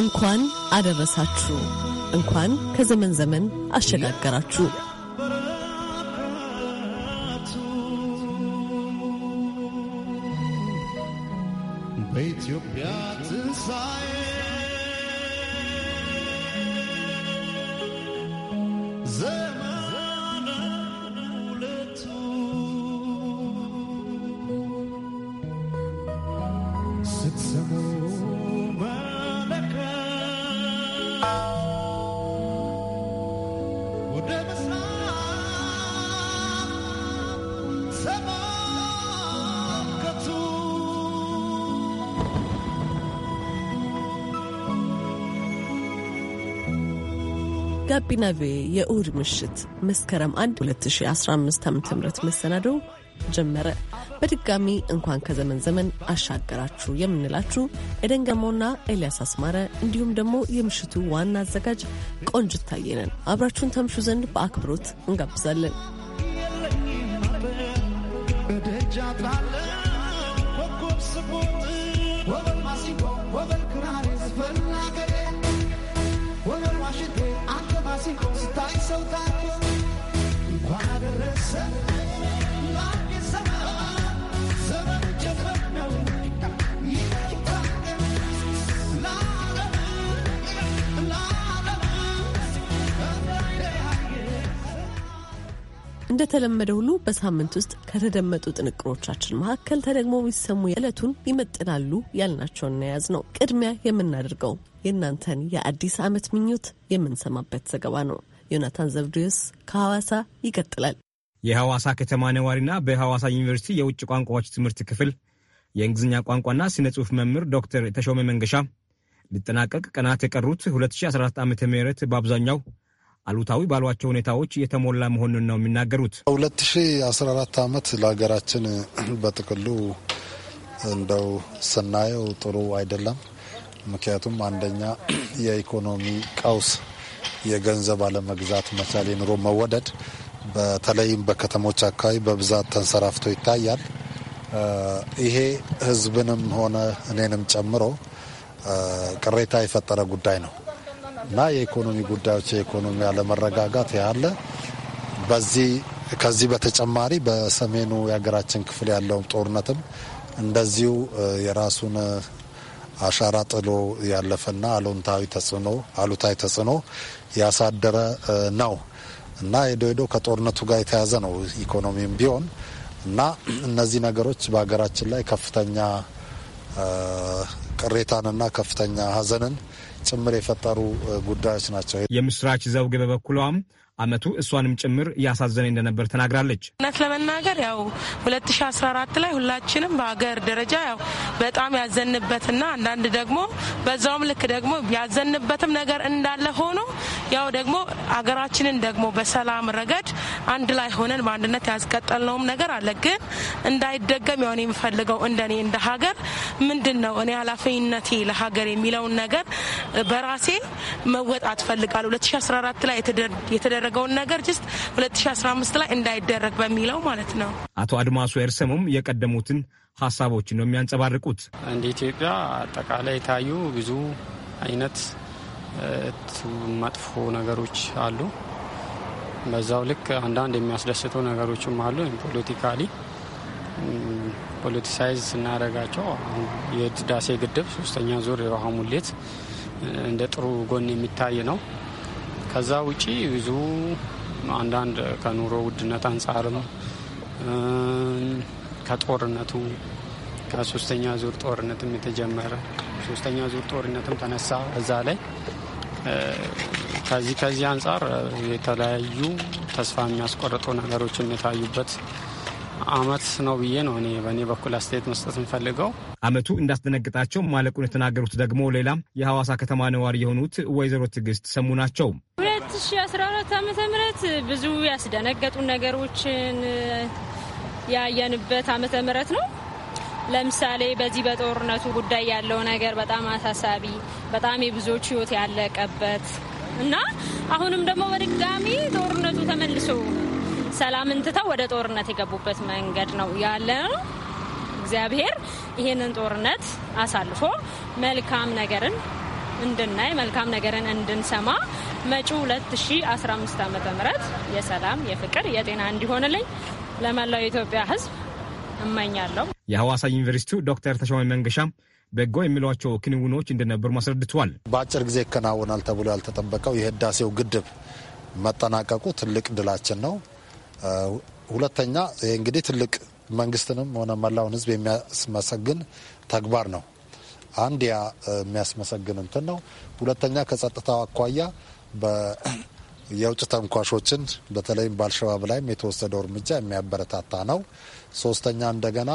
እንኳን አደረሳችሁ፣ እንኳን ከዘመን ዘመን አሸጋገራችሁ። ጋቢና ቪኦኤ የእሁድ ምሽት መስከረም 1 2015 ዓ ም መሰናዶ ጀመረ። በድጋሚ እንኳን ከዘመን ዘመን አሻገራችሁ የምንላችሁ ኤደን ገማውና ኤልያስ አስማረ እንዲሁም ደግሞ የምሽቱ ዋና አዘጋጅ ቆንጅት ታየነን አብራችሁን ተምሹ ዘንድ በአክብሮት እንጋብዛለን። እንደተለመደ ሁሉ በሳምንት ውስጥ ከተደመጡ ጥንቅሮቻችን መካከል ተደግሞ የሚሰሙ እለቱን ይመጥናሉ ያልናቸውን ነያዝ ነው ቅድሚያ የምናደርገው የእናንተን የአዲስ ዓመት ምኞት የምንሰማበት ዘገባ ነው። ዮናታን ዘብዴዎስ ከሐዋሳ ይቀጥላል። የሐዋሳ ከተማ ነዋሪና በሐዋሳ ዩኒቨርሲቲ የውጭ ቋንቋዎች ትምህርት ክፍል የእንግሊዝኛ ቋንቋና ስነ ጽሑፍ መምህር ዶክተር ተሾመ መንገሻ ሊጠናቀቅ ቀናት የቀሩት 2014 ዓ ም በአብዛኛው አሉታዊ ባሏቸው ሁኔታዎች የተሞላ መሆኑን ነው የሚናገሩት። 2014 ዓመት ለሀገራችን በጥቅሉ እንደው ስናየው ጥሩ አይደለም። ምክንያቱም አንደኛ የኢኮኖሚ ቀውስ፣ የገንዘብ አለመግዛት መቻል፣ የኑሮ መወደድ በተለይም በከተሞች አካባቢ በብዛት ተንሰራፍቶ ይታያል። ይሄ ህዝብንም ሆነ እኔንም ጨምሮ ቅሬታ የፈጠረ ጉዳይ ነው እና የኢኮኖሚ ጉዳዮች የኢኮኖሚ አለመረጋጋት ያለ በዚህ ከዚህ በተጨማሪ በሰሜኑ የሀገራችን ክፍል ያለው ጦርነትም እንደዚሁ የራሱን አሻራ ጥሎ ያለፈና አሉታዊ ተጽዕኖ አሉታዊ ተጽዕኖ ያሳደረ ነው እና ሄዶ ሄዶ ከጦርነቱ ጋር የተያዘ ነው ኢኮኖሚም ቢሆን እና እነዚህ ነገሮች በሀገራችን ላይ ከፍተኛ ቅሬታንና ከፍተኛ ሀዘንን ጭምር የፈጠሩ ጉዳዮች ናቸው። የምስራች ዘውግ በበኩሏም አመቱ እሷንም ጭምር እያሳዘነ እንደነበር ተናግራለች። እውነት ለመናገር ያው 2014 ላይ ሁላችንም በሀገር ደረጃ ያው በጣም ያዘንበትና አንዳንድ ደግሞ በዛውም ልክ ደግሞ ያዘንበትም ነገር እንዳለ ሆኖ ያው ደግሞ ሀገራችንን ደግሞ በሰላም ረገድ አንድ ላይ ሆነን በአንድነት ያስቀጠልነውም ነገር አለ። ግን እንዳይደገም ያው የምፈልገው እንደኔ እንደ ሀገር ምንድን ነው እኔ ኃላፊነቴ ለሀገር የሚለውን ነገር በራሴ መወጣት ፈልጋለሁ። 2014 ላይ የተደረገ የተደረገውን ነገር ጅስት 2015 ላይ እንዳይደረግ በሚለው ማለት ነው። አቶ አድማሱ ኤርሰሙም የቀደሙትን ሀሳቦችን ነው የሚያንጸባርቁት። እንደ ኢትዮጵያ አጠቃላይ የታዩ ብዙ አይነት መጥፎ ነገሮች አሉ። በዛው ልክ አንዳንድ የሚያስደስቱ ነገሮችም አሉ። ፖለቲካሊ ፖለቲሳይዝ ስናደርጋቸው የህዳሴ ግድብ ሶስተኛ ዙር የውሃ ሙሌት እንደ ጥሩ ጎን የሚታይ ነው። ከዛ ውጪ ብዙ አንዳንድ ከኑሮ ውድነት አንጻርም ከጦርነቱ ከሶስተኛ ዙር ጦርነትም የተጀመረ ሶስተኛ ዙር ጦርነትም ተነሳ። እዛ ላይ ከዚህ ከዚህ አንጻር የተለያዩ ተስፋ የሚያስቆርጡ ነገሮች የታዩበት አመት ነው ብዬ ነው እኔ በእኔ በኩል አስተያየት መስጠት የምፈልገው። አመቱ እንዳስደነግጣቸው ማለቁን የተናገሩት ደግሞ ሌላ የሐዋሳ ከተማ ነዋሪ የሆኑት ወይዘሮ ትዕግስት ሰሙ ናቸው። 2014 ዓ ም ብዙ ያስደነገጡን ነገሮችን ያየንበት ዓመተ ምህረት ነው። ለምሳሌ በዚህ በጦርነቱ ጉዳይ ያለው ነገር በጣም አሳሳቢ፣ በጣም የብዙዎች ሕይወት ያለቀበት እና አሁንም ደግሞ በድጋሚ ጦርነቱ ተመልሶ ሰላም እንትተው ወደ ጦርነት የገቡበት መንገድ ነው ያለ ነው። እግዚአብሔር ይህንን ጦርነት አሳልፎ መልካም ነገርን እንድናይ መልካም ነገርን እንድንሰማ መጪው 2015 ዓ ም የሰላም የፍቅር፣ የጤና እንዲሆንልኝ ለመላው የኢትዮጵያ ህዝብ እመኛለሁ። የሐዋሳ ዩኒቨርሲቲው ዶክተር ተሾመ መንገሻ በጎ የሚሏቸው ክንውኖች እንደነበሩ አስረድተዋል። በአጭር ጊዜ ይከናወናል ተብሎ ያልተጠበቀው የህዳሴው ግድብ መጠናቀቁ ትልቅ ድላችን ነው። ሁለተኛ እንግዲህ ትልቅ መንግስትንም ሆነ መላውን ህዝብ የሚያስመሰግን ተግባር ነው። አንድ ያ የሚያስመሰግን እንትን ነው። ሁለተኛ ከጸጥታው አኳያ የውጭ ተንኳሾችን በተለይም በአልሸባብ ላይም የተወሰደው እርምጃ የሚያበረታታ ነው። ሶስተኛ እንደገና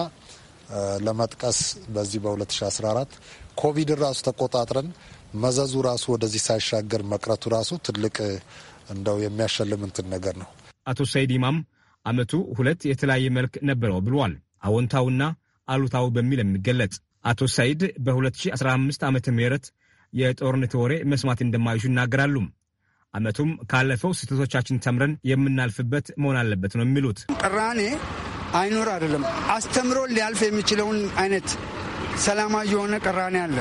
ለመጥቀስ በዚህ በ2014 ኮቪድን ራሱ ተቆጣጥረን መዘዙ ራሱ ወደዚህ ሳይሻገር መቅረቱ ራሱ ትልቅ እንደው የሚያሸልም እንትን ነገር ነው። አቶ ሰይድ ኢማም አመቱ ሁለት የተለያየ መልክ ነበረው ብሏል። አዎንታውና አሉታው በሚል የሚገለጽ አቶ ሰይድ በ2015 ዓ ም የጦርነት ወሬ መስማት እንደማይሹ ይናገራሉ። አመቱም ካለፈው ስህተቶቻችን ተምረን የምናልፍበት መሆን አለበት ነው የሚሉት። ቅራኔ አይኖር አይደለም አስተምሮ ሊያልፍ የሚችለውን አይነት ሰላማዊ የሆነ ቅራኔ አለ።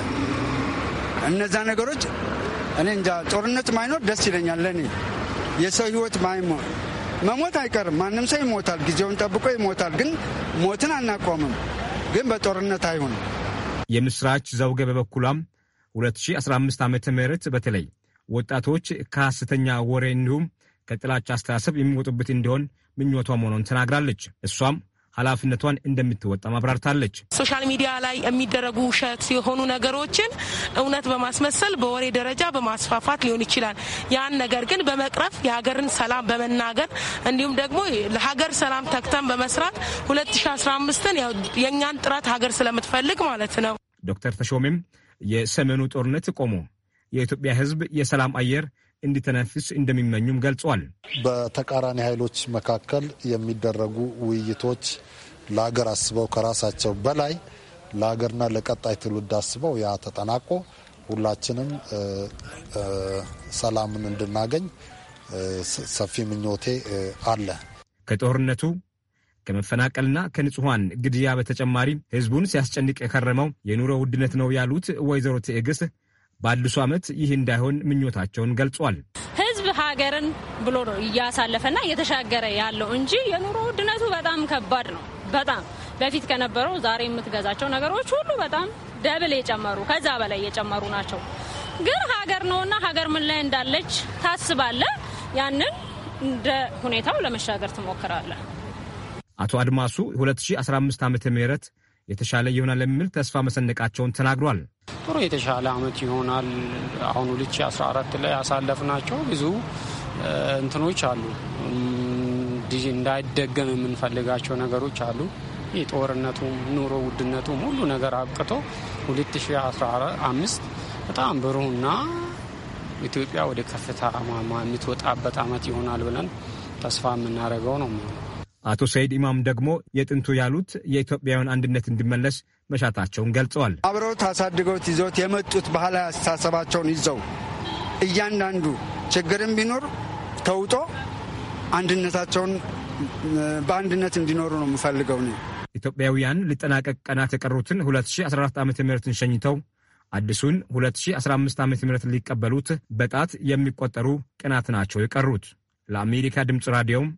እነዛ ነገሮች እኔ እንጃ ጦርነት ማይኖር ደስ ይለኛል። ለእኔ የሰው ህይወት ማይሞት መሞት አይቀርም። ማንም ሰው ይሞታል፣ ጊዜውን ጠብቆ ይሞታል። ግን ሞትን አናቆምም። ግን በጦርነት አይሆንም። የምስራች ዘውገ በበኩሏም 2015 ዓ ም በተለይ ወጣቶች ከሐሰተኛ ወሬ እንዲሁም ከጥላቻ አስተሳሰብ የሚወጡበት እንዲሆን ምኞቷ መሆኑን ተናግራለች። እሷም ኃላፊነቷን እንደምትወጣ ማብራርታለች። ሶሻል ሚዲያ ላይ የሚደረጉ ውሸት የሆኑ ነገሮችን እውነት በማስመሰል በወሬ ደረጃ በማስፋፋት ሊሆን ይችላል። ያን ነገር ግን በመቅረፍ የሀገርን ሰላም በመናገር እንዲሁም ደግሞ ለሀገር ሰላም ተክተን በመስራት 2015ን የእኛን ጥረት ሀገር ስለምትፈልግ ማለት ነው። ዶክተር ተሾሜም የሰሜኑ ጦርነት ቆሞ የኢትዮጵያ ሕዝብ የሰላም አየር እንዲተነፍስ እንደሚመኙም ገልጿል። በተቃራኒ ኃይሎች መካከል የሚደረጉ ውይይቶች ለሀገር አስበው ከራሳቸው በላይ ለሀገርና ለቀጣይ ትውልድ አስበው ያ ተጠናቆ ሁላችንም ሰላምን እንድናገኝ ሰፊ ምኞቴ አለ። ከጦርነቱ ከመፈናቀልና ከንጹሐን ግድያ በተጨማሪ ህዝቡን ሲያስጨንቅ የከረመው የኑሮ ውድነት ነው ያሉት ወይዘሮ ትዕግስት በአዲሱ ዓመት ይህ እንዳይሆን ምኞታቸውን ገልጿል። ህዝብ ሀገርን ብሎ ነው እያሳለፈና እየተሻገረ ያለው እንጂ የኑሮ ውድነቱ በጣም ከባድ ነው። በጣም በፊት ከነበረው ዛሬ የምትገዛቸው ነገሮች ሁሉ በጣም ደብል የጨመሩ ከዛ በላይ የጨመሩ ናቸው። ግን ሀገር ነውና ሀገር ምን ላይ እንዳለች ታስባለ። ያንን እንደ ሁኔታው ለመሻገር ትሞክራለ። አቶ አድማሱ 2015 ዓ ም የተሻለ ይሆናል የሚል ተስፋ መሰነቃቸውን ተናግሯል። ጥሩ የተሻለ አመት ይሆናል። አሁን 2014 ላይ አሳለፍናቸው ብዙ እንትኖች አሉ። እንዳይደገም የምንፈልጋቸው ነገሮች አሉ። የጦርነቱ፣ ኑሮ ውድነቱ፣ ሁሉ ነገር አብቅቶ 2015 በጣም ብሩህና ኢትዮጵያ ወደ ከፍታ ማማ የምትወጣበት አመት ይሆናል ብለን ተስፋ የምናደርገው ነው የሚሆነው። አቶ ሰይድ ኢማም ደግሞ የጥንቱ ያሉት የኢትዮጵያውያን አንድነት እንዲመለስ መሻታቸውን ገልጸዋል። አብረውት አሳድገውት ይዘውት የመጡት ባህላዊ አስተሳሰባቸውን ይዘው እያንዳንዱ ችግርም ቢኖር ተውጦ አንድነታቸውን በአንድነት እንዲኖሩ ነው የምፈልገው ነው። ኢትዮጵያውያን ሊጠናቀቅ ቀናት የቀሩትን 2014 ዓ ምትን ሸኝተው አዲሱን 2015 ዓ ም ሊቀበሉት በጣት የሚቆጠሩ ቀናት ናቸው የቀሩት። ለአሜሪካ ድምፅ ራዲዮም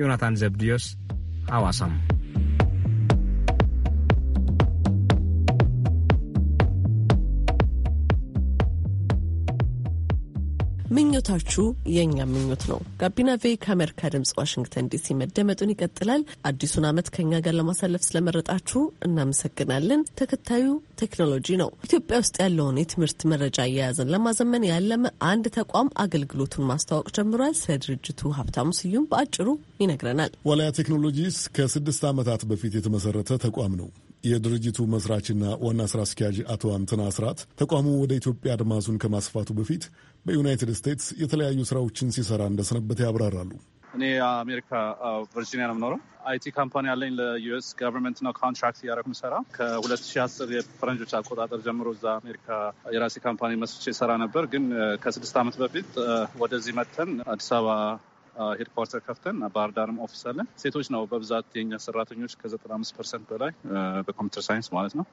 ዮናታን ዘብዲዮስ ሐዋሳም ምኞታችሁ የእኛ ምኞት ነው። ጋቢና ቬ ከአሜሪካ ድምጽ ዋሽንግተን ዲሲ መደመጡን ይቀጥላል። አዲሱን ዓመት ከእኛ ጋር ለማሳለፍ ስለመረጣችሁ እናመሰግናለን። ተከታዩ ቴክኖሎጂ ነው። ኢትዮጵያ ውስጥ ያለውን የትምህርት መረጃ አያያዝን ለማዘመን ያለመ አንድ ተቋም አገልግሎቱን ማስተዋወቅ ጀምሯል። ስለ ድርጅቱ ሀብታሙ ስዩም በአጭሩ ይነግረናል። ዋልያ ቴክኖሎጂስ ከስድስት ዓመታት በፊት የተመሰረተ ተቋም ነው። የድርጅቱ መስራችና ዋና ስራ አስኪያጅ አቶ አንተና አስራት ተቋሙ ወደ ኢትዮጵያ አድማሱን ከማስፋቱ በፊት በዩናይትድ ስቴትስ የተለያዩ ስራዎችን ሲሰራ እንደሰነበተ ያብራራሉ። እኔ አሜሪካ ቨርጂኒያ ነው የምኖረው። አይቲ ካምፓኒ ያለኝ ለዩኤስ ገቨርንመንት ነው ኮንትራክት እያደረኩ ምሰራ። ከ2010 የፈረንጆች አቆጣጠር ጀምሮ እዛ አሜሪካ የራሴ ካምፓኒ መስርቼ ሰራ ነበር። ግን ከስድስት ዓመት በፊት ወደዚህ መጥተን አዲስ አበባ ሄድኳርተር ከፍተን ባህር ዳርም ኦፊስ አለን። ሴቶች ነው በብዛት የኛ ሰራተኞች ከዘጠና አምስት ፐርሰንት በላይ በኮምፒውተር ሳይንስ ማለት ነው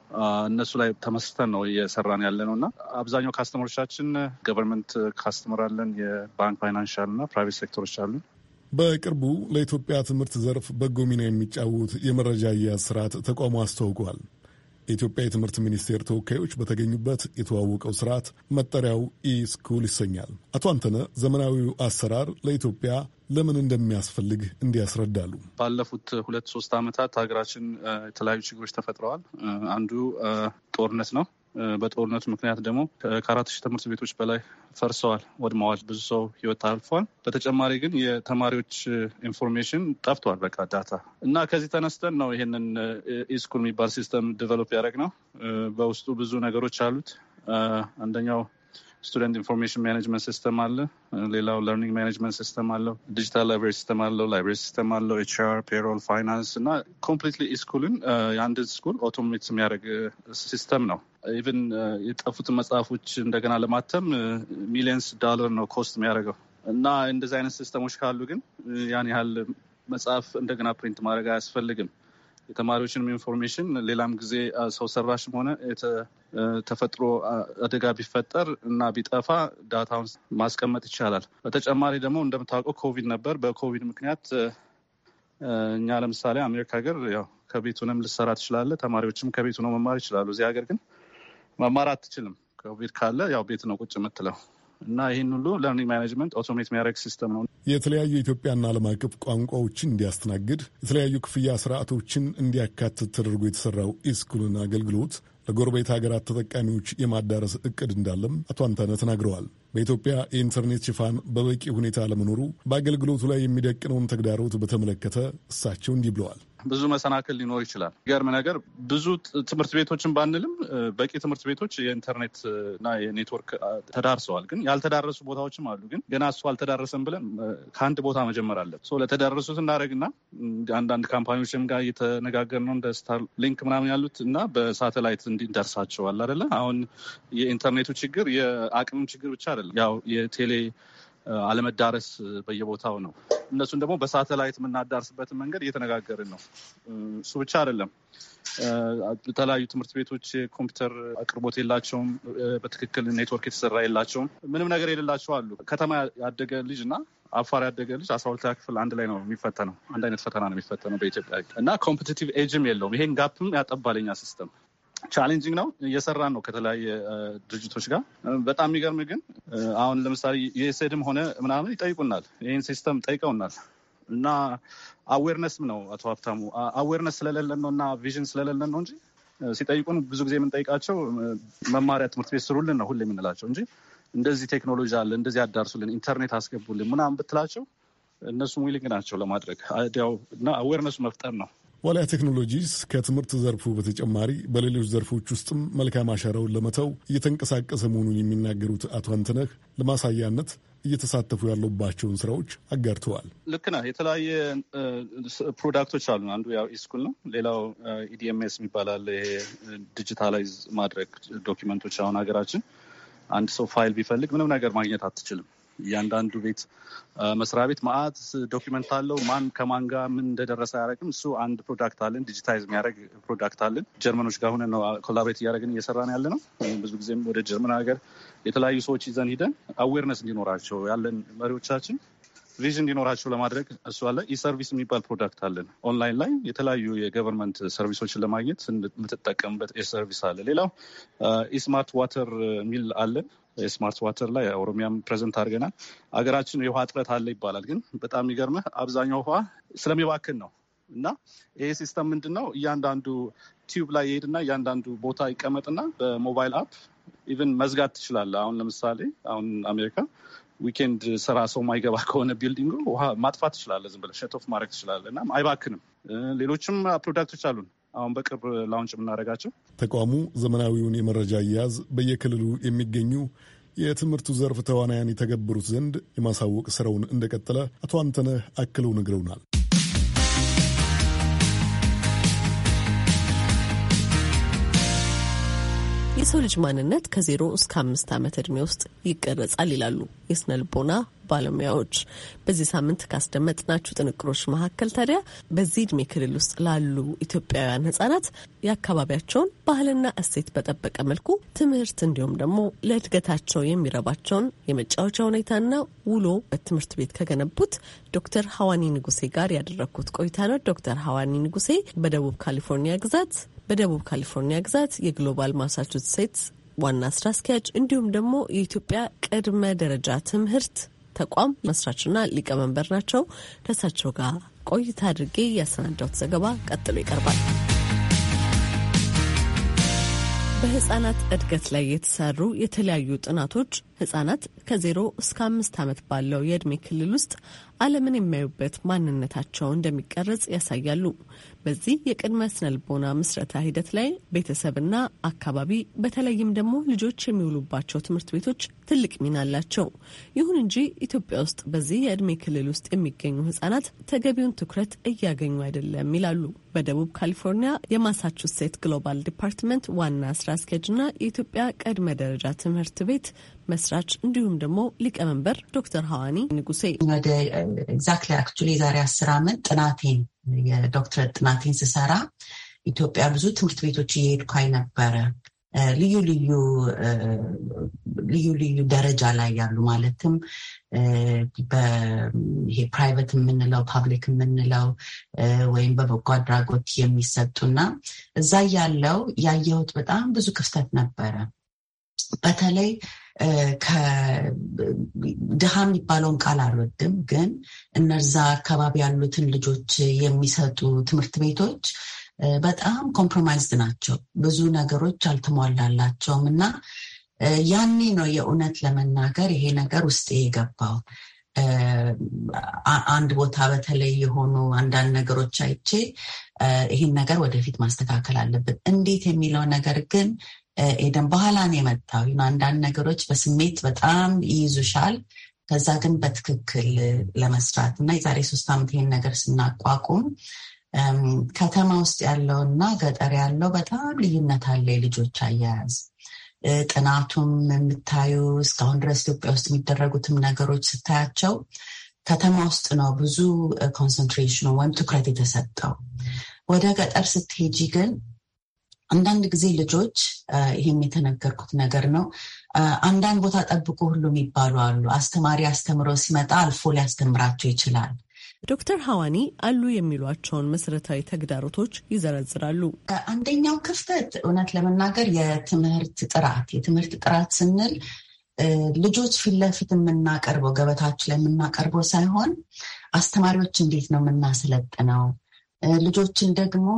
እነሱ ላይ ተመስርተን ነው እየሰራን ያለ ነው እና አብዛኛው ካስተመሮቻችን ገቨርንመንት ካስተመር አለን፣ የባንክ ፋይናንሻል እና ፕራይቬት ሴክተሮች አሉን። በቅርቡ ለኢትዮጵያ ትምህርት ዘርፍ በጎ ሚና የሚጫወት የመረጃ አያያዝ ስርዓት ተቋሙ አስተዋውቋል። የኢትዮጵያ የትምህርት ሚኒስቴር ተወካዮች በተገኙበት የተዋወቀው ስርዓት መጠሪያው ኢስኩል ይሰኛል። አቶ አንተነ ዘመናዊው አሰራር ለኢትዮጵያ ለምን እንደሚያስፈልግ እንዲያስረዳሉ። ባለፉት ሁለት ሶስት ዓመታት ሀገራችን የተለያዩ ችግሮች ተፈጥረዋል። አንዱ ጦርነት ነው። በጦርነቱ ምክንያት ደግሞ ከአራት ሺህ ትምህርት ቤቶች በላይ ፈርሰዋል፣ ወድመዋል። ብዙ ሰው ህይወት አልፏል። በተጨማሪ ግን የተማሪዎች ኢንፎርሜሽን ጠፍቷል፣ በቃ ዳታ እና ከዚህ ተነስተን ነው ይሄንን ኢስኩል የሚባል ሲስተም ዲቨሎፕ ያደረግ ነው። በውስጡ ብዙ ነገሮች አሉት። አንደኛው ስቱደንት ኢንፎርሜሽን ማኔጅመንት ሲስተም አለ። ሌላው ለርኒንግ ማኔጅመንት ሲስተም አለው። ዲጂታል ላይብሬሪ ሲስተም አለው። ላይብሬሪ ሲስተም አለው። ኤች አር፣ ፔሮል፣ ፋይናንስ እና ኮምፕሊትሊ ኢስኩልን የአንድ ስኩል ኦቶሜት የሚያደርግ ሲስተም ነው። ኢቨን uh, የጠፉትን መጽሐፎች እንደገና ለማተም ሚሊየንስ uh, ዳለር ነው ኮስት የሚያደርገው እና እንደዚህ አይነት ሲስተሞች ካሉ ግን uh, ያን ያህል መጽሐፍ እንደገና ፕሪንት ማድረግ አያስፈልግም። የተማሪዎችንም ኢንፎርሜሽን ሌላም ጊዜ ሰው ሰራሽም ሆነ ተፈጥሮ አደጋ ቢፈጠር እና ቢጠፋ ዳታውን ማስቀመጥ ይቻላል። በተጨማሪ ደግሞ እንደምታውቀው ኮቪድ ነበር። በኮቪድ ምክንያት እኛ ለምሳሌ አሜሪካ ሀገር ያው ሆነም ልሰራ ትችላለ ተማሪዎችም ከቤት ሆነው መማር ይችላሉ። እዚህ ሀገር ግን መማር አትችልም። ኮቪድ ካለ ያው ቤት ነው ቁጭ የምትለው እና ይህን ሁሉ ለርኒንግ ማኔጅመንት ኦቶሜት የሚያደርግ ሲስተም ነው። የተለያዩ ኢትዮጵያና ዓለም አቀፍ ቋንቋዎችን እንዲያስተናግድ የተለያዩ ክፍያ ስርዓቶችን እንዲያካትት ተደርጎ የተሰራው ኢስኩልን አገልግሎት ለጎረቤት ሀገራት ተጠቃሚዎች የማዳረስ እቅድ እንዳለም አቶ አንተነ ተናግረዋል። በኢትዮጵያ የኢንተርኔት ሽፋን በበቂ ሁኔታ ለመኖሩ በአገልግሎቱ ላይ የሚደቅነውን ተግዳሮት በተመለከተ እሳቸው እንዲህ ብለዋል። ብዙ መሰናክል ሊኖር ይችላል። ገርም ነገር ብዙ ትምህርት ቤቶችን ባንልም በቂ ትምህርት ቤቶች የኢንተርኔት እና የኔትወርክ ተዳርሰዋል። ግን ያልተዳረሱ ቦታዎችም አሉ። ግን ገና እሱ አልተዳረሰም ብለን ከአንድ ቦታ መጀመር አለን። ለተዳረሱት እናደረግና አንዳንድ ካምፓኒዎችም ጋር እየተነጋገር ነው እንደ ስታር ሊንክ ምናምን ያሉት እና በሳተላይት እንዲደርሳቸዋል አደለ። አሁን የኢንተርኔቱ ችግር የአቅምም ችግር ብቻ አደለም፣ ያው የቴሌ አለመዳረስ በየቦታው ነው። እነሱን ደግሞ በሳተላይት የምናዳርስበትን መንገድ እየተነጋገርን ነው። እሱ ብቻ አይደለም። የተለያዩ ትምህርት ቤቶች ኮምፒውተር አቅርቦት የላቸውም። በትክክል ኔትወርክ የተሰራ የላቸውም። ምንም ነገር የሌላቸው አሉ። ከተማ ያደገ ልጅ እና አፋር ያደገ ልጅ አስራ ሁለተኛ ክፍል አንድ ላይ ነው የሚፈተነው። አንድ አይነት ፈተና ነው የሚፈተነው በኢትዮጵያ እና ኮምፒቲቲቭ ኤጅም የለውም። ይሄን ጋፕም ያጠባለኛ ሲስተም ቻሌንጂንግ ነው። እየሰራን ነው ከተለያየ ድርጅቶች ጋር። በጣም የሚገርም ግን አሁን ለምሳሌ የኤስኤድም ሆነ ምናምን ይጠይቁናል፣ ይህን ሲስተም ጠይቀውናል። እና አዌርነስም ነው አቶ ሀብታሙ፣ አዌርነስ ስለሌለን ነው እና ቪዥን ስለሌለን ነው እንጂ ሲጠይቁን ብዙ ጊዜ የምንጠይቃቸው መማሪያ ትምህርት ቤት ስሩልን ነው ሁሌ የምንላቸው እንጂ እንደዚህ ቴክኖሎጂ አለ እንደዚህ ያዳርሱልን፣ ኢንተርኔት አስገቡልን ምናምን ብትላቸው እነሱም ዊሊንግ ናቸው ለማድረግ ያው እና አዌርነሱ መፍጠር ነው ዋልያ ቴክኖሎጂስ ከትምህርት ዘርፉ በተጨማሪ በሌሎች ዘርፎች ውስጥም መልካም አሻራውን ለመተው እየተንቀሳቀሰ መሆኑን የሚናገሩት አቶ አንትነህ ለማሳያነት እየተሳተፉ ያሉባቸውን ስራዎች አጋርተዋል። ልክ ነህ። የተለያየ ፕሮዳክቶች አሉ። አንዱ ያው ኢስኩል ነው። ሌላው ኢዲኤምኤስ የሚባላል። ይሄ ዲጂታላይዝ ማድረግ ዶኪመንቶች። አሁን ሀገራችን አንድ ሰው ፋይል ቢፈልግ ምንም ነገር ማግኘት አትችልም። እያንዳንዱ ቤት መስሪያ ቤት ማአት ዶኪመንት አለው። ማን ከማን ጋር ምን እንደደረሰ አያደርግም። እሱ አንድ ፕሮዳክት አለን፣ ዲጂታይዝ የሚያደርግ ፕሮዳክት አለን። ጀርመኖች ጋር ሆነን ነው ኮላብሬት እያደረግን ነው ያለ ነው። ብዙ ጊዜም ወደ ጀርመን ሀገር የተለያዩ ሰዎች ይዘን ሂደን አዌርነስ እንዲኖራቸው ያለን መሪዎቻችን ቪዥን እንዲኖራቸው ለማድረግ እሱ አለ። ኢሰርቪስ የሚባል ፕሮዳክት አለን። ኦንላይን ላይ የተለያዩ የገቨርንመንት ሰርቪሶችን ለማግኘት የምትጠቀምበት ሰርቪስ አለ። ሌላው ኢስማርት ዋተር የሚል አለን። የስማርት ዋተር ላይ ኦሮሚያም ፕሬዘንት አድርገናል። አገራችን የውሃ እጥረት አለ ይባላል፣ ግን በጣም የሚገርምህ አብዛኛው ውሃ ስለሚባክን ነው። እና ይሄ ሲስተም ምንድን ነው? እያንዳንዱ ቲዩብ ላይ ይሄድና እያንዳንዱ ቦታ ይቀመጥና በሞባይል አፕ ኢቨን መዝጋት ትችላለህ። አሁን ለምሳሌ አሁን አሜሪካ ዊኬንድ ስራ ሰው ማይገባ ከሆነ ቢልዲንግ ውሃ ማጥፋት ትችላለ፣ ዝም ብለ ሸቶፍ ማድረግ ትችላለ። እና አይባክንም። ሌሎችም ፕሮዳክቶች አሉን አሁን በቅርብ ላውንጭ የምናደርጋቸው። ተቋሙ ዘመናዊውን የመረጃ አያያዝ በየክልሉ የሚገኙ የትምህርቱ ዘርፍ ተዋናያን የተገበሩት ዘንድ የማሳወቅ ስራውን እንደቀጠለ አቶ አንተነህ አክለው ነግረውናል። የሰው ልጅ ማንነት ከዜሮ እስከ አምስት ዓመት ዕድሜ ውስጥ ይቀረጻል ይላሉ የስነ ልቦና ባለሙያዎች። በዚህ ሳምንት ካስደመጥናችሁ ጥንቅሮች መካከል ታዲያ በዚህ ዕድሜ ክልል ውስጥ ላሉ ኢትዮጵያውያን ህጻናት የአካባቢያቸውን ባህልና እሴት በጠበቀ መልኩ ትምህርት እንዲሁም ደግሞ ለእድገታቸው የሚረባቸውን የመጫወቻ ሁኔታና ውሎ በትምህርት ቤት ከገነቡት ዶክተር ሀዋኒ ንጉሴ ጋር ያደረግኩት ቆይታ ነው። ዶክተር ሀዋኒ ንጉሴ በደቡብ ካሊፎርኒያ ግዛት በደቡብ ካሊፎርኒያ ግዛት የግሎባል ማሳቹሴትስ ዋና ስራ አስኪያጅ እንዲሁም ደግሞ የኢትዮጵያ ቅድመ ደረጃ ትምህርት ተቋም መስራችና ሊቀመንበር ናቸው። ከእሳቸው ጋር ቆይታ አድርጌ ያሰናዳሁት ዘገባ ቀጥሎ ይቀርባል። በህጻናት እድገት ላይ የተሰሩ የተለያዩ ጥናቶች ህጻናት ከዜሮ እስከ አምስት ዓመት ባለው የዕድሜ ክልል ውስጥ ዓለምን የሚያዩበት ማንነታቸው እንደሚቀረጽ ያሳያሉ። በዚህ የቅድመ ስነልቦና ምስረታ ሂደት ላይ ቤተሰብና አካባቢ በተለይም ደግሞ ልጆች የሚውሉባቸው ትምህርት ቤቶች ትልቅ ሚና አላቸው። ይሁን እንጂ ኢትዮጵያ ውስጥ በዚህ የእድሜ ክልል ውስጥ የሚገኙ ህጻናት ተገቢውን ትኩረት እያገኙ አይደለም ይላሉ በደቡብ ካሊፎርኒያ የማሳቹሴት ግሎባል ዲፓርትመንት ዋና ስራ አስኪያጅና የኢትዮጵያ ቅድመ ደረጃ ትምህርት ቤት መስራች እንዲሁም ደግሞ ሊቀመንበር ዶክተር ሀዋኒ ንጉሴ ወደ ኤግዛክትሊ አክቹሊ የዛሬ አስር ዓመት ጥናቴን የዶክትሬት ጥናቴን ስሰራ ኢትዮጵያ ብዙ ትምህርት ቤቶች እየሄድኳይ ነበረ። ልዩ ልዩ ልዩ ልዩ ደረጃ ላይ ያሉ ማለትም ይሄ ፕራይቬት የምንለው ፓብሊክ የምንለው ወይም በበጎ አድራጎት የሚሰጡና እዛ ያለው ያየሁት በጣም ብዙ ክፍተት ነበረ። በተለይ ድሃ የሚባለውን ቃል አልወድም፣ ግን እነዛ አካባቢ ያሉትን ልጆች የሚሰጡ ትምህርት ቤቶች በጣም ኮምፕሮማይዝድ ናቸው። ብዙ ነገሮች አልተሟላላቸውም እና ያኔ ነው የእውነት ለመናገር ይሄ ነገር ውስጤ የገባው። አንድ ቦታ በተለይ የሆኑ አንዳንድ ነገሮች አይቼ ይህን ነገር ወደፊት ማስተካከል አለብን እንዴት የሚለው ነገር ግን ኤደን በኋላን የመጣው አንዳንድ ነገሮች በስሜት በጣም ይይዙሻል። ከዛ ግን በትክክል ለመስራት እና የዛሬ ሶስት ዓመት ይሄን ነገር ስናቋቁም ከተማ ውስጥ ያለው እና ገጠር ያለው በጣም ልዩነት አለ። የልጆች አያያዝ ጥናቱም የምታዩ እስካሁን ድረስ ኢትዮጵያ ውስጥ የሚደረጉትም ነገሮች ስታያቸው ከተማ ውስጥ ነው ብዙ ኮንሰንትሬሽኑ ወይም ትኩረት የተሰጠው። ወደ ገጠር ስትሄጂ ግን አንዳንድ ጊዜ ልጆች ይህም የተነገርኩት ነገር ነው። አንዳንድ ቦታ ጠብቁ ሁሉ የሚባሉ አሉ። አስተማሪ አስተምሮ ሲመጣ አልፎ ሊያስተምራቸው ይችላል። ዶክተር ሐዋኒ አሉ የሚሏቸውን መሰረታዊ ተግዳሮቶች ይዘረዝራሉ። አንደኛው ክፍተት እውነት ለመናገር የትምህርት ጥራት የትምህርት ጥራት ስንል ልጆች ፊት ለፊት የምናቀርበው ገበታችን ላይ የምናቀርበው ሳይሆን አስተማሪዎች እንዴት ነው የምናሰለጥነው ልጆችን ደግሞ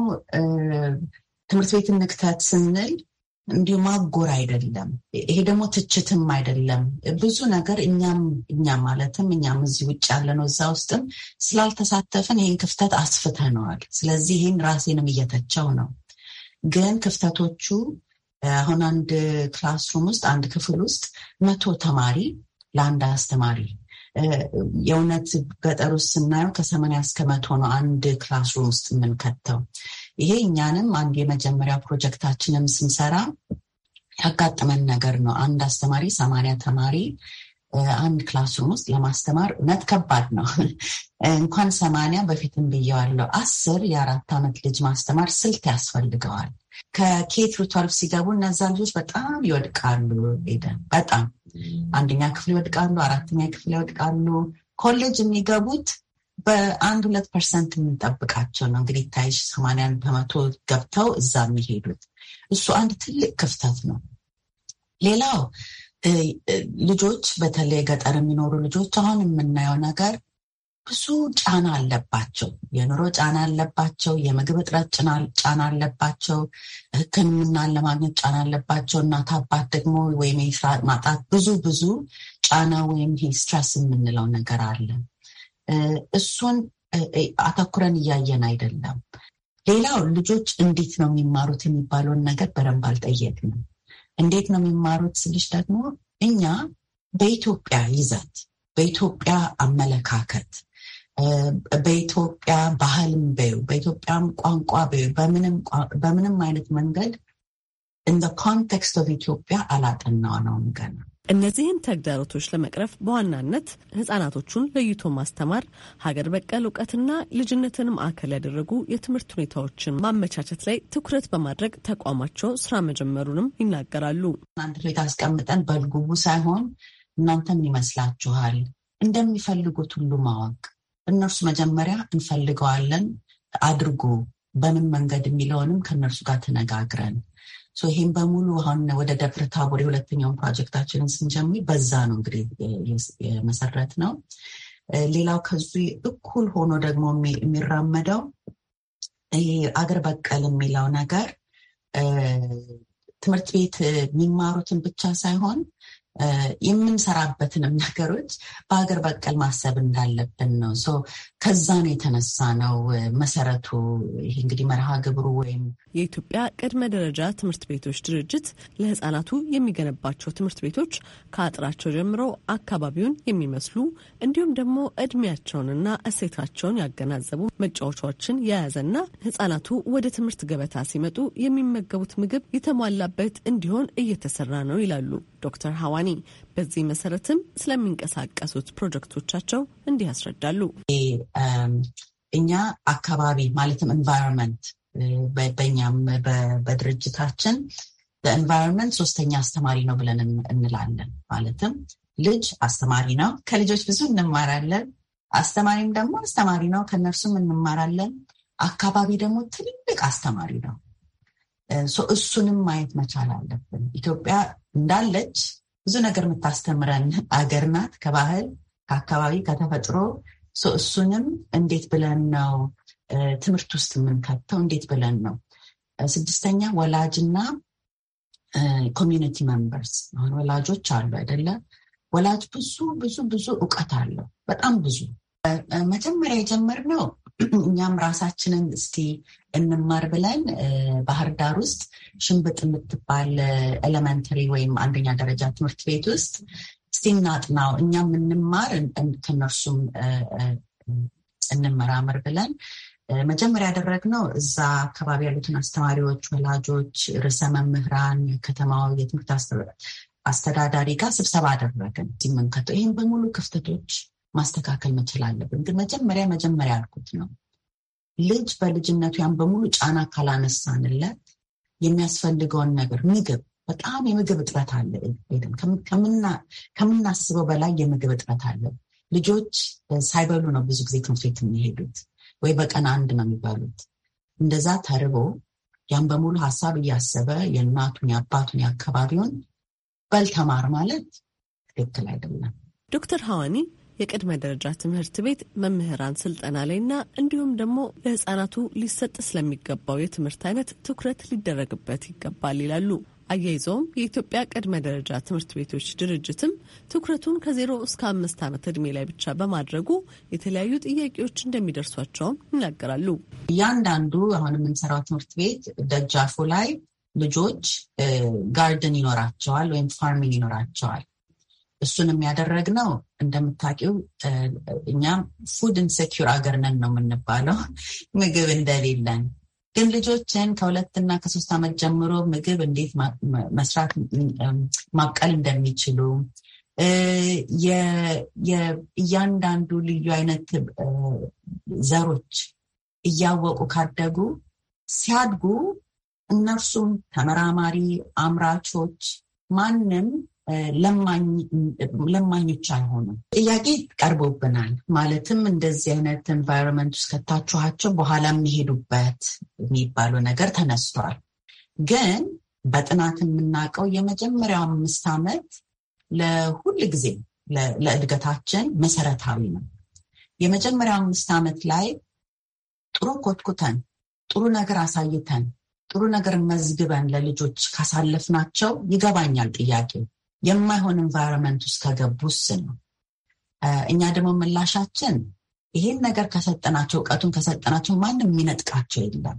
ትምህርት ቤትን ንክተት ስንል እንዲሁ ማጎር አይደለም። ይሄ ደግሞ ትችትም አይደለም። ብዙ ነገር እኛም እኛ ማለትም እኛም እዚህ ውጭ ያለነው እዛ ውስጥም ስላልተሳተፍን ይህን ክፍተት አስፍተነዋል። ስለዚህ ይህን ራሴንም እየተቸው ነው። ግን ክፍተቶቹ አሁን አንድ ክላስሩም ውስጥ አንድ ክፍል ውስጥ መቶ ተማሪ ለአንድ አስተማሪ የእውነት ገጠር ውስጥ ስናየው ከሰማንያ እስከ መቶ ነው አንድ ክላስሩም ውስጥ የምንከተው። ይሄ እኛንም አንድ የመጀመሪያ ፕሮጀክታችንም ስንሰራ ያጋጠመን ነገር ነው። አንድ አስተማሪ ሰማንያ ተማሪ አንድ ክላስሩም ውስጥ ለማስተማር እውነት ከባድ ነው። እንኳን ሰማንያ በፊትም ብየዋለው አስር የአራት ዓመት ልጅ ማስተማር ስልት ያስፈልገዋል። ከኬት ሩትወልፍ ሲገቡ እነዛ ልጆች በጣም ይወድቃሉ። በጣም አንደኛ ክፍል ይወድቃሉ፣ አራተኛ ክፍል ይወድቃሉ። ኮሌጅ የሚገቡት በአንድ ሁለት ፐርሰንት የምንጠብቃቸው ነው እንግዲህ ታይሽ ሰማንያን በመቶ ገብተው እዛ የሚሄዱት እሱ አንድ ትልቅ ክፍተት ነው። ሌላው ልጆች በተለይ ገጠር የሚኖሩ ልጆች አሁን የምናየው ነገር ብዙ ጫና አለባቸው። የኑሮ ጫና አለባቸው። የምግብ እጥረት ጫና አለባቸው። ሕክምናን ለማግኘት ጫና አለባቸው። እናት አባት ደግሞ ወይም የስራ ማጣት ብዙ ብዙ ጫና ወይም ስትረስ የምንለው ነገር አለን። እሱን አተኩረን እያየን አይደለም። ሌላው ልጆች እንዴት ነው የሚማሩት የሚባለውን ነገር በደንብ አልጠየቅንም። እንዴት ነው የሚማሩት ስልሽ ደግሞ እኛ በኢትዮጵያ ይዘት፣ በኢትዮጵያ አመለካከት፣ በኢትዮጵያ ባህልም በዩ በኢትዮጵያም ቋንቋ በዩ በምንም አይነት መንገድ እንደ ኮንቴክስት ኦፍ ኢትዮጵያ አላጠናነውም ገና እነዚህን ተግዳሮቶች ለመቅረፍ በዋናነት ህጻናቶቹን ለይቶ ማስተማር፣ ሀገር በቀል እውቀትና ልጅነትን ማዕከል ያደረጉ የትምህርት ሁኔታዎችን ማመቻቸት ላይ ትኩረት በማድረግ ተቋማቸው ስራ መጀመሩንም ይናገራሉ። አንድ ቤት አስቀምጠን በልጉቡ ሳይሆን እናንተም ይመስላችኋል እንደሚፈልጉት ሁሉ ማወቅ እነርሱ መጀመሪያ እንፈልገዋለን አድርጎ በምን መንገድ የሚለውንም ከእነርሱ ጋር ተነጋግረን ይህም በሙሉ አሁን ወደ ደብረ ታቦር የሁለተኛውን ፕሮጀክታችንን ስንጀምር በዛ ነው እንግዲህ የመሰረት ነው። ሌላው ከዙ እኩል ሆኖ ደግሞ የሚራመደው አገር በቀል የሚለው ነገር ትምህርት ቤት የሚማሩትን ብቻ ሳይሆን የምንሰራበትንም ነገሮች በሀገር በቀል ማሰብ እንዳለብን ነው። ከዛን የተነሳ ነው መሰረቱ ይሄ እንግዲህ መርሃ ግብሩ ወይም የኢትዮጵያ ቅድመ ደረጃ ትምህርት ቤቶች ድርጅት ለህፃናቱ የሚገነባቸው ትምህርት ቤቶች ከአጥራቸው ጀምሮ አካባቢውን የሚመስሉ እንዲሁም ደግሞ እድሜያቸውንና እሴታቸውን ያገናዘቡ መጫወቻዎችን የያዘና ሕጻናቱ ወደ ትምህርት ገበታ ሲመጡ የሚመገቡት ምግብ የተሟላበት እንዲሆን እየተሰራ ነው ይላሉ ዶክተር ሀዋ ኩርማኔ በዚህ መሰረትም ስለሚንቀሳቀሱት ፕሮጀክቶቻቸው እንዲህ ያስረዳሉ። um, እኛ አካባቢ ማለትም ኤንቫይሮንመንት በእኛም በድርጅታችን ለኤንቫይሮንመንት ሶስተኛ አስተማሪ ነው ብለን እንላለን። ማለትም ልጅ አስተማሪ ነው፣ ከልጆች ብዙ እንማራለን። አስተማሪም ደግሞ አስተማሪ ነው፣ ከነርሱም እንማራለን። አካባቢ ደግሞ ትልቅ አስተማሪ ነው። እሱንም ማየት መቻል አለብን። ኢትዮጵያ እንዳለች ብዙ ነገር የምታስተምረን አገር ናት። ከባህል፣ ከአካባቢ፣ ከተፈጥሮ እሱንም እንዴት ብለን ነው ትምህርት ውስጥ የምንከተው? እንዴት ብለን ነው? ስድስተኛ ወላጅና ኮሚኒቲ መንበርስ አሁን ወላጆች አሉ አይደለ? ወላጅ ብዙ ብዙ ብዙ እውቀት አለው፣ በጣም ብዙ። መጀመሪያ የጀመርነው እኛም ራሳችንን እስቲ እንማር ብለን ባህር ዳር ውስጥ ሽንብጥ የምትባል ኤሌመንተሪ ወይም አንደኛ ደረጃ ትምህርት ቤት ውስጥ ሲናጥናው እኛም እንማር ከነርሱም እንመራመር ብለን መጀመሪያ ያደረግነው እዛ አካባቢ ያሉትን አስተማሪዎች፣ ወላጆች፣ ርዕሰ መምህራን፣ ከተማው የትምህርት አስተዳዳሪ ጋር ስብሰባ አደረግን። ሲመንከተው ይህም በሙሉ ክፍተቶች ማስተካከል መቻል አለብን። ግን መጀመሪያ መጀመሪያ ያልኩት ነው ልጅ በልጅነቱ ያን በሙሉ ጫና ካላነሳንለት የሚያስፈልገውን ነገር ምግብ፣ በጣም የምግብ እጥረት አለ። ከምናስበው በላይ የምግብ እጥረት አለ። ልጆች ሳይበሉ ነው ብዙ ጊዜ ትምህርት ቤት የሚሄዱት፣ ወይ በቀን አንድ ነው የሚባሉት። እንደዛ ተርቦ ያን በሙሉ ሀሳብ እያሰበ የእናቱን የአባቱን የአካባቢውን በልተማር ማለት ትክክል አይደለም። ዶክተር ሐዋኒ የቅድመ ደረጃ ትምህርት ቤት መምህራን ስልጠና ላይና እንዲሁም ደግሞ ለህጻናቱ ሊሰጥ ስለሚገባው የትምህርት አይነት ትኩረት ሊደረግበት ይገባል ይላሉ። አያይዘውም የኢትዮጵያ ቅድመ ደረጃ ትምህርት ቤቶች ድርጅትም ትኩረቱን ከዜሮ እስከ አምስት ዓመት ዕድሜ ላይ ብቻ በማድረጉ የተለያዩ ጥያቄዎች እንደሚደርሷቸውም ይናገራሉ። እያንዳንዱ አሁን የምንሰራው ትምህርት ቤት ደጃፉ ላይ ልጆች ጋርደን ይኖራቸዋል ወይም ፋርሚንግ ይኖራቸዋል። እሱንም ያደረግነው እንደምታውቂው እኛም ፉድ ኢንሴኪር አገር ነን ነው የምንባለው፣ ምግብ እንደሌለን ግን ልጆችን ከሁለትና ከሶስት ዓመት ጀምሮ ምግብ እንዴት መስራት ማብቀል እንደሚችሉ እያንዳንዱ ልዩ አይነት ዘሮች እያወቁ ካደጉ ሲያድጉ እነርሱም ተመራማሪ፣ አምራቾች ማንም ለማኞች አይሆኑም። ጥያቄ ቀርቦብናል። ማለትም እንደዚህ አይነት ኤንቫይሮንመንት ውስጥ ከታችኋቸው በኋላ የሚሄዱበት የሚባሉ ነገር ተነስቷል። ግን በጥናት የምናውቀው የመጀመሪያው አምስት ዓመት ለሁል ጊዜ ለእድገታችን መሰረታዊ ነው። የመጀመሪያው አምስት ዓመት ላይ ጥሩ ኮትኩተን ጥሩ ነገር አሳይተን ጥሩ ነገር መዝግበን ለልጆች ካሳለፍናቸው ይገባኛል ጥያቄው የማይሆን ኤንቫይሮንመንት ውስጥ ውስ ነው። እኛ ደግሞ ምላሻችን ይሄን ነገር ከሰጠናቸው እውቀቱን ከሰጠናቸው ማንም የሚነጥቃቸው የለም።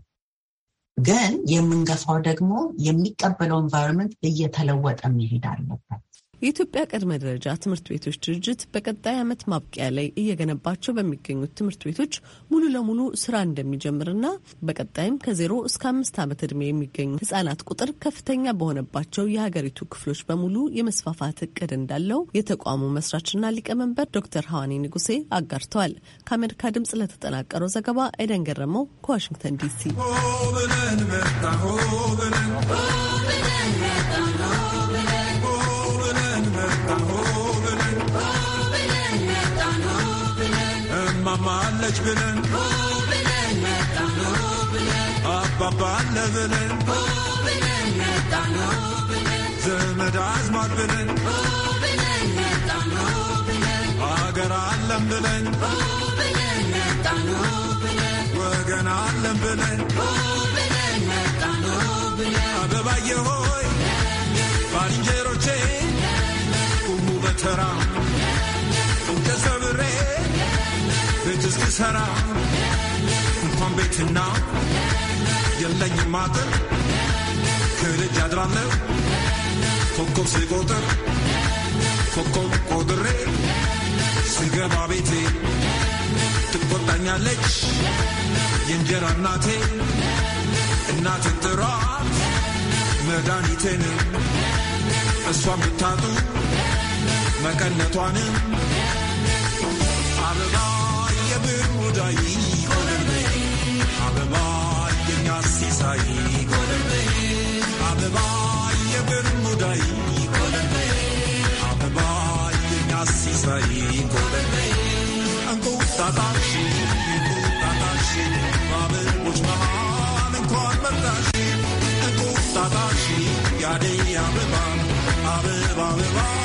ግን የምንገፋው ደግሞ የሚቀበለው ኤንቫይሮንመንት እየተለወጠ መሄድ አለበት። የኢትዮጵያ ቅድመ ደረጃ ትምህርት ቤቶች ድርጅት በቀጣይ ዓመት ማብቂያ ላይ እየገነባቸው በሚገኙት ትምህርት ቤቶች ሙሉ ለሙሉ ስራ እንደሚጀምርና በቀጣይም ከዜሮ እስከ አምስት ዓመት ዕድሜ የሚገኙ ህጻናት ቁጥር ከፍተኛ በሆነባቸው የሀገሪቱ ክፍሎች በሙሉ የመስፋፋት እቅድ እንዳለው የተቋሙ መስራችና ሊቀመንበር ዶክተር ሐዋኔ ንጉሴ አጋርተዋል። ከአሜሪካ ድምጽ ለተጠናቀረው ዘገባ ኤደን ገረመው ከዋሽንግተን ዲሲ። እማማለች ብለን አባባለ ብለን ዘመድ አዝማድ ብለን አገር አለም ብለን ወገን አለም ብለን አበባየ ሆይ ባልንጀሮች በተራ እንጨት ሰብሬ ቤት እስክሰራ እንኳን ቤትና የለኝም አጥር ከልጅ አድራለሁ ኮከብ ስቆጥር ኮከብ ቆጥሬ ስገባ ቤቴ ትቆጣኛለች የእንጀራ እናቴ እናትን ጥሯት መድኃኒቴን እሷን ብታጡ መቀነቷንም አበባ የብሩዳይ ጎደንበይ አበባ የኛ ሲሳይ ጎደንበይ አበባ የብሩዳይ ጎደንበይ አበባ የኛ ሲሳይ ጎደንበይ እንቁጣጣሽ እንቁጣጣሽ ባበቦች መሃል እንኳን መጣሽ እንቁጣጣሽ ያደይ አበባ አበባ አበባ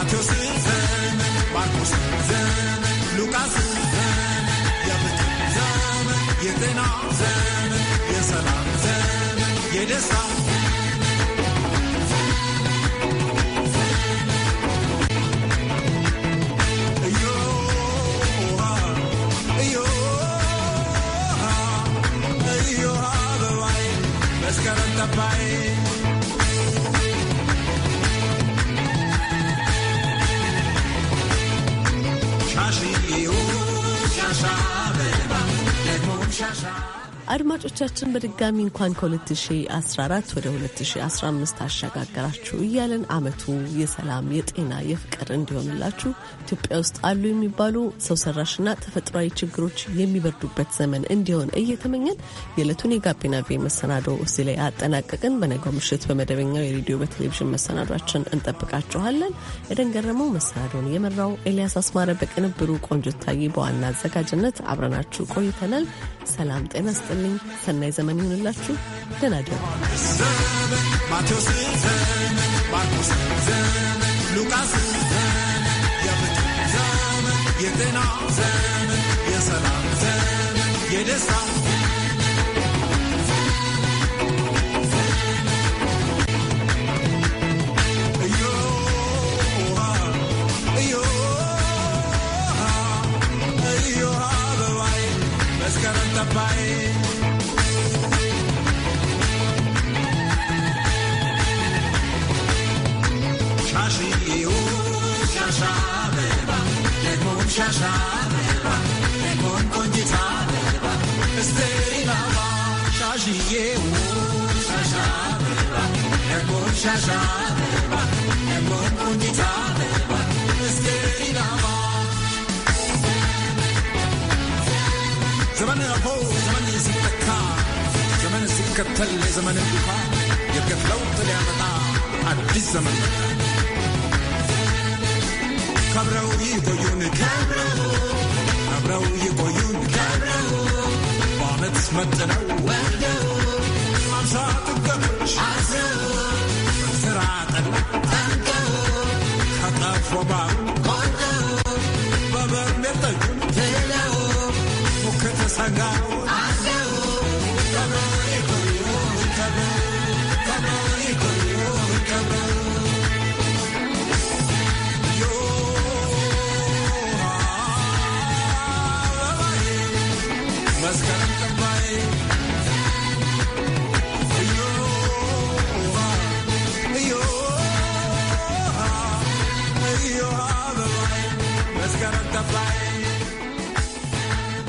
ማቴዎስን ዘመን ማርቆስን ዘመን ሉቃስን ዘመን የምድር ዘመን የጤና ዘመን የሰላም ዘመን የደስታ አድማጮቻችን በድጋሚ እንኳን ከ2014 ወደ 2015 አሸጋገራችሁ እያለን አመቱ የሰላም የጤና የፍቅር እንዲሆንላችሁ ኢትዮጵያ ውስጥ አሉ የሚባሉ ሰው ሰራሽና ተፈጥሯዊ ችግሮች የሚበርዱበት ዘመን እንዲሆን እየተመኘን የዕለቱን የጋቢና ቪ መሰናዶ እዚህ ላይ አጠናቀቅን። በነገው ምሽት በመደበኛው የሬዲዮ በቴሌቪዥን መሰናዷችን እንጠብቃችኋለን። ኤደን ገረመው መሰናዶውን የመራው ኤልያስ አስማረ በቅንብሩ ቆንጆ ታዬ በዋና አዘጋጅነት አብረናችሁ ቆይተናል። ሰላም ጤና ስጥልኝ። ሰናይ ዘመን ይሁንላችሁ። ደህና ደሩ። ማቴዎስ ዘመን፣ ዘመን፣ ሉቃስ ዘመን፣ የጤና ዘመን፣ የሰላም ዘመን፣ የደስታ زمن أبوه زمن يزيد الكار زمن سكة تل زمن البقاع يبقى في لو طلع مطاع عد الزمن كبروا يبيون كبروا كبروا يبيون كبروا بعمت سمتنا وحدوا عم شاطر قبل عزوا Let's go.